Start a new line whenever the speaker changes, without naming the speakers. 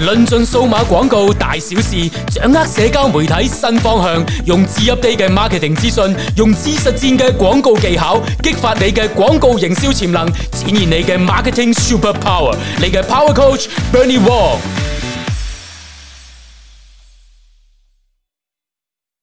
論盡數碼廣告大小事，掌握社交媒體新方向，用最 update 嘅 marketing 資訊，用知實戰嘅廣告技巧，激發你嘅廣告營銷潛能，展現你嘅 marketing super power。你嘅 power coach Bernie Wall。